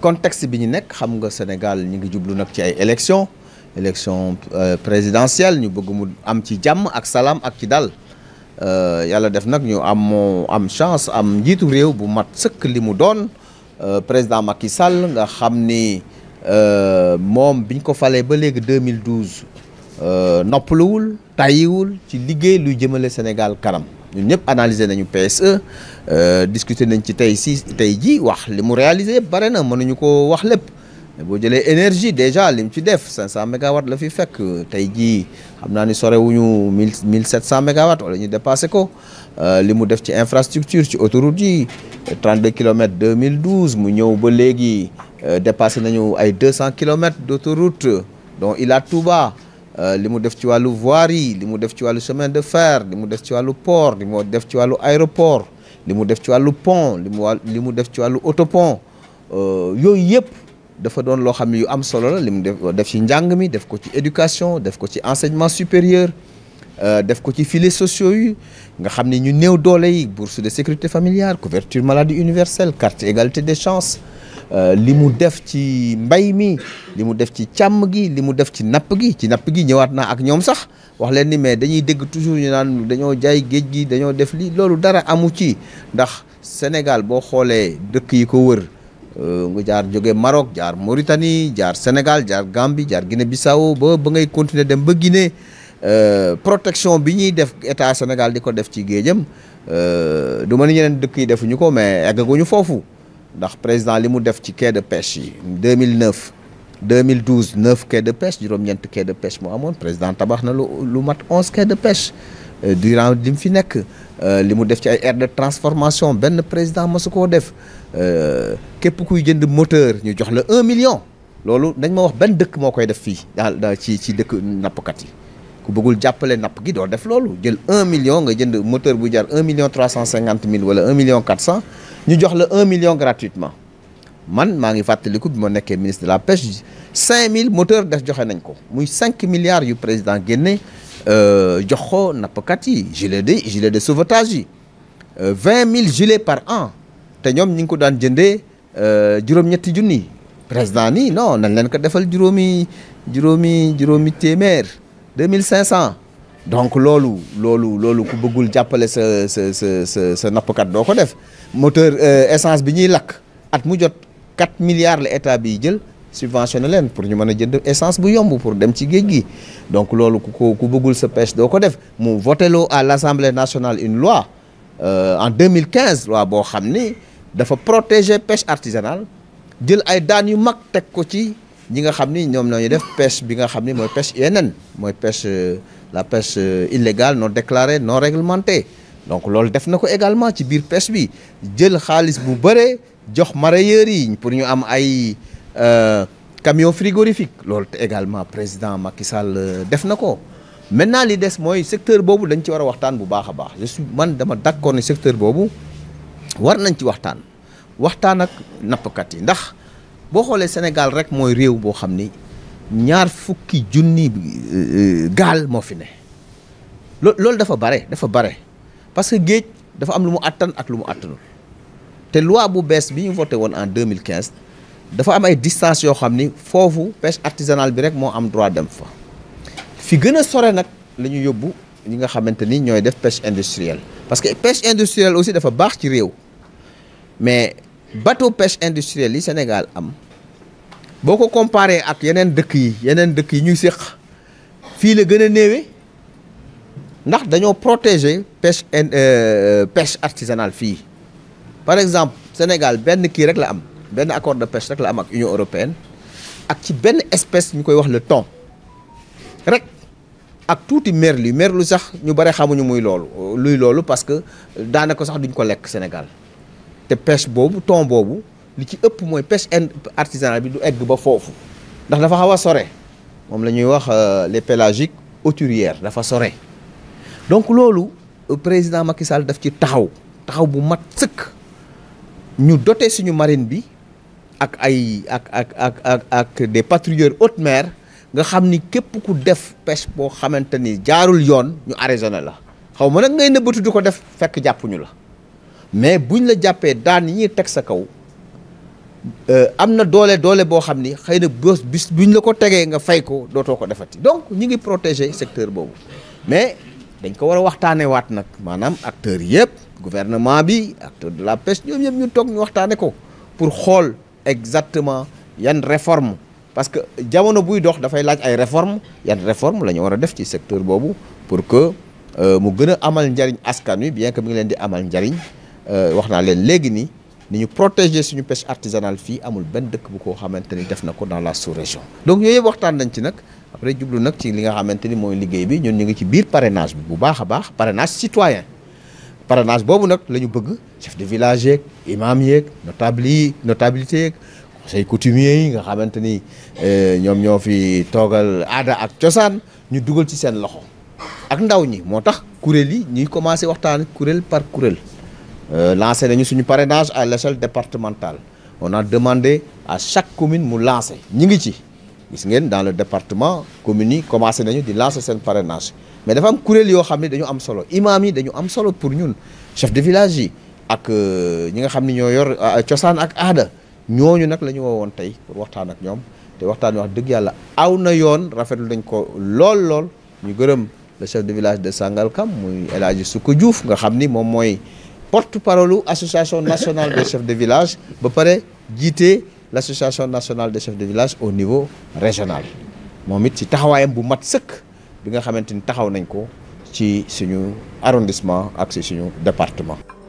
contexte bi ñu nekk xam nga Sénégal ñu ngi jublu nag ci ay élections élection euh, présidentielle ñu bëgg mu am ci jàmm ak salaam ak ci dal euh, yàlla def nag ñu am am chance am njiitu réew bu mat sëkk li mu doon euh, président Macky Sall nga xam ni moom biñ ko falee ba léegi 2012 noppaluwul tàyyiwul ci liggéey luy jëmale Sénégal kanam. ñun ñëpp analyser nañu PSE euh, discuter nañ ci tey si tey ji wax li mu réaliser yëpp bare na nañu ko wax lépp boo jëlee énergie déjà lim ci def 500 mégawatts la fi fekk tey jii xam naa ni sorewuñu mille mille sept cent mégawatts wala ñu dépassé ko euh, li mu def ci infrastructure ci autoroute yi 32 kilomètres 2012 mu ñëw ba léegi euh, dépassé nañu ay 200 kilomètres d' il dont Ila ba Euh, li mu def ci wàllu voirie li mu def ci wàllu semaine de fer li mu def ci wàllu port li mu def ci wàllu aéroport li mu def ci wàllu pont li mu li mu def ci wàllu autopont euh, yooyu yëpp dafa doon loo xam ne yu am solo la li mu def def ci njàng mi def ko ci éducation def ko ci enseignement supérieur euh, def ko ci filets sociaux yi nga xam ne ñu new doole yi bourse de sécurité familiale couverture maladie universelle carte égalité de chances Euh, li mu def ci mbay mi li mu def ci càmm gi li mu def ci napp gi ci napp gi ñëwaat naa ak ñoom sax wax leen ni mais dañuy dégg toujours ñu naan dañoo jaay géej gi dañoo def lii loolu dara amu ci ndax Sénégal boo xoolee dëkk yi ko wër euh, nga jaar jóge Maroc jaar Mauritanie jaar Sénégal jaar Gambie jaar gine bissau ba ba ngay continuer dem ba Guinée euh, protection bi ñuy def état Sénégal di ko def ci géejam du ma ni ñeneen dëkk yi defuñu ko mais eggaguñu foofu ndax président li mu def ci quai de pêche yi deux 2009 2012 9 quai de pêche juróom-ñeent quai de pêche moo amoon président tabax na lu lu mat 11 quai de pêche euh, durant li mu fi nekk euh, li mu def ci ay air de transformation benn président masu koo def euh, képp kuy jënd moteur ñu jox la un million loolu dañ ma wax benn dëkk moo koy def fii daal ci ci dëkk nappkat yi ku bëggul jàppale napp gi doo def loolu jël un million nga jënd moteur bu jar un million trois cent cinquante mille wala un million quatre cent ñu jox la un million gratuitement man maa ngi fàttaliku bi ma nekkee ministre de la pêche cinq mille moteurs def joxe nañ ko muy cinq milliards yu président génne euh, jox ko nappkat yi gilet de gilet de sauvetage yi euh, vingt mille gilets par an te ñoom ñu ngi ko daan jëndee euh, juróom-ñetti junni président ni non nañ leen ko defal juróomi juróomi juróomi téeméer deux mille cinq cent donc loolu loolu loolu ku bëggul jàppale sa sa sa sa sa nappkat doo ko def moteur euh, essence bi ñuy lakk at mu jot quatre milliards la état bi jël subventionné leen pour ñu mën a jënd essence bu yomb pour dem ci géej gi donc loolu ku ko ku bëggul sa pêche doo ko def mu voteloo à l'Assemblée nationale une loi euh, en 2015 loi boo xam ni dafa protéger pêche artisanale jël ay daan yu mag teg ko ci ñi nga xam ni ñoom la def pêche bi nga xam ni mooy pêche INN mooy pêche euh, la pêche euh, illégale non déclarée non réglementée donc loolu def na ko également ci biir pêche bi jël xaalis bu bare jox mareyeurs yi pour ñu am ay euh, camion frigorifique loolu te également président Macky Sall def na ko maintenant li des mooy secteur boobu dañ ci war a waxtaan bu baax a baax je suis man dama d'accord ne secteur boobu war nañ ci waxtaan waxtaan ak nappkat yi ndax boo xoolee Sénégal rek mooy réew boo xam ni ñaar fukki junni euh, euh, gaal moo fi ne loo loolu dafa bare dafa bare parce que géej dafa am lu mu àttan ak lu mu àttanul te loi bu bees bi ñu voté woon en 2015 dafa am ay distance yoo xam ni foofu pêche artisanale bi rek moo am droit dem fa fi gën a sore nag la ñu yóbbu ñi nga xamante ni ñooy def pêche industrielle parce que pêche industrielle aussi dafa baax ci réew mais bateau pêche industrielle yi Sénégal am boo ko comparé ak yeneen dëkk yi yeneen dëkk yi ñuy séq fii la gën a néewee ndax dañoo protéger pêche euh, euh, pêche artisanale fii par exemple Sénégal benn kii rek la am benn accord de pêche rek la am ak Union européenne ak ci benn espèce ñu koy wax le temps rek ak tuuti merlu merlu sax ñu bare xamuñu muy loolu luy loolu parce que daanaka sax duñ ko lekk Sénégal te pêche boobu ton boobu li ci ëpp mooy pêche artisanale bi du egg ba foofu ndax dafa xaw a sore moom la ñuy wax euh, les pélagiques hauturières dafa sore donc loolu euh, président Macky Sall daf ci taxaw taxaw bu mat sëkk ñu dote suñu marine bi ak ay ak ak ak ak ak des patrouilleurs haute mer nga xam ni képp ku def pêche boo xamante ni jaarul yoon ñu arraisonné la xaw ma nag ngay nëbbatu di ko def fekk jàppuñu la mais bu ñu la jàppee daan yi ñuy teg sa kaw euh, am na doole doole boo xam ni xëy na bés bis ñu la ko tegee nga fay ko dootoo ko defati donc ñu ngi protéger secteur boobu mais dañ ko war a waxtaanee waat nag maanaam acteur yëpp gouvernement bi acteur de la pêche ñoom ñëpp ñu toog ñu waxtaane ko pour xool exactement yan réforme parce que jamono buy dox dafay laaj ay réforme yan réforme la ñu war a def ci secteur boobu pour que euh, mu gën a amal njariñ askan wi bien que mi ngi leen di amal njariñ Euh, wax naa leen léegi nii ni ñu protéger suñu pêche artisanale fii amul benn dëkk bu ko xamante ni def na ko dans la sous-région. donc yooyu waxtaan nañ ci nag après jublu nag ci li nga xamante ni mooy liggéey bi ñun ñu ngi ci biir parrainage bi bu a baax parrainage citoyen parrainage boobu nag la ñu bëgg chef de village yeeg imam yeeg notable yi notabilité yeeg conseil yi nga xamante ni euh, ñoom ñoo fi toogal aada ak cosaan ñu dugal ci seen loxo ak ndaw ñi moo tax kuréel yi ñuy commencé waxtaan kuréel par kuréel. Euh, lancé nañu suñu parrainage à l'échelle départementale on a demandé a chaque commune mu lancé ñi ngi ci gis ngeen dans le département communes yi commencé nañu di lancer seen parrainage mais dafa am kuréel yoo xam ne dañu am solo imaam yi dañu am solo pour ñun chef de village yi ak euh, ñi nga xam ni ñoo yor euh, cosaan ak aada ñooñu nag la woo woon tey pour waxtaan ak ñoom te waxtaan wax dëgg yàlla aw na yoon rafetlu dañ ko lool lool ñu gërëm le chef de village de Sangalkam muy El Hadji Diouf nga xam ni moom mooy porte-parole association nationale des chefs de village ba pare jiitee l'association nationale des chefs de village au niveau régional moom it ci taxawaayam bu mat sëkk bi nga xamante ni taxaw nañ ko ci suñu arrondissement ak suñu département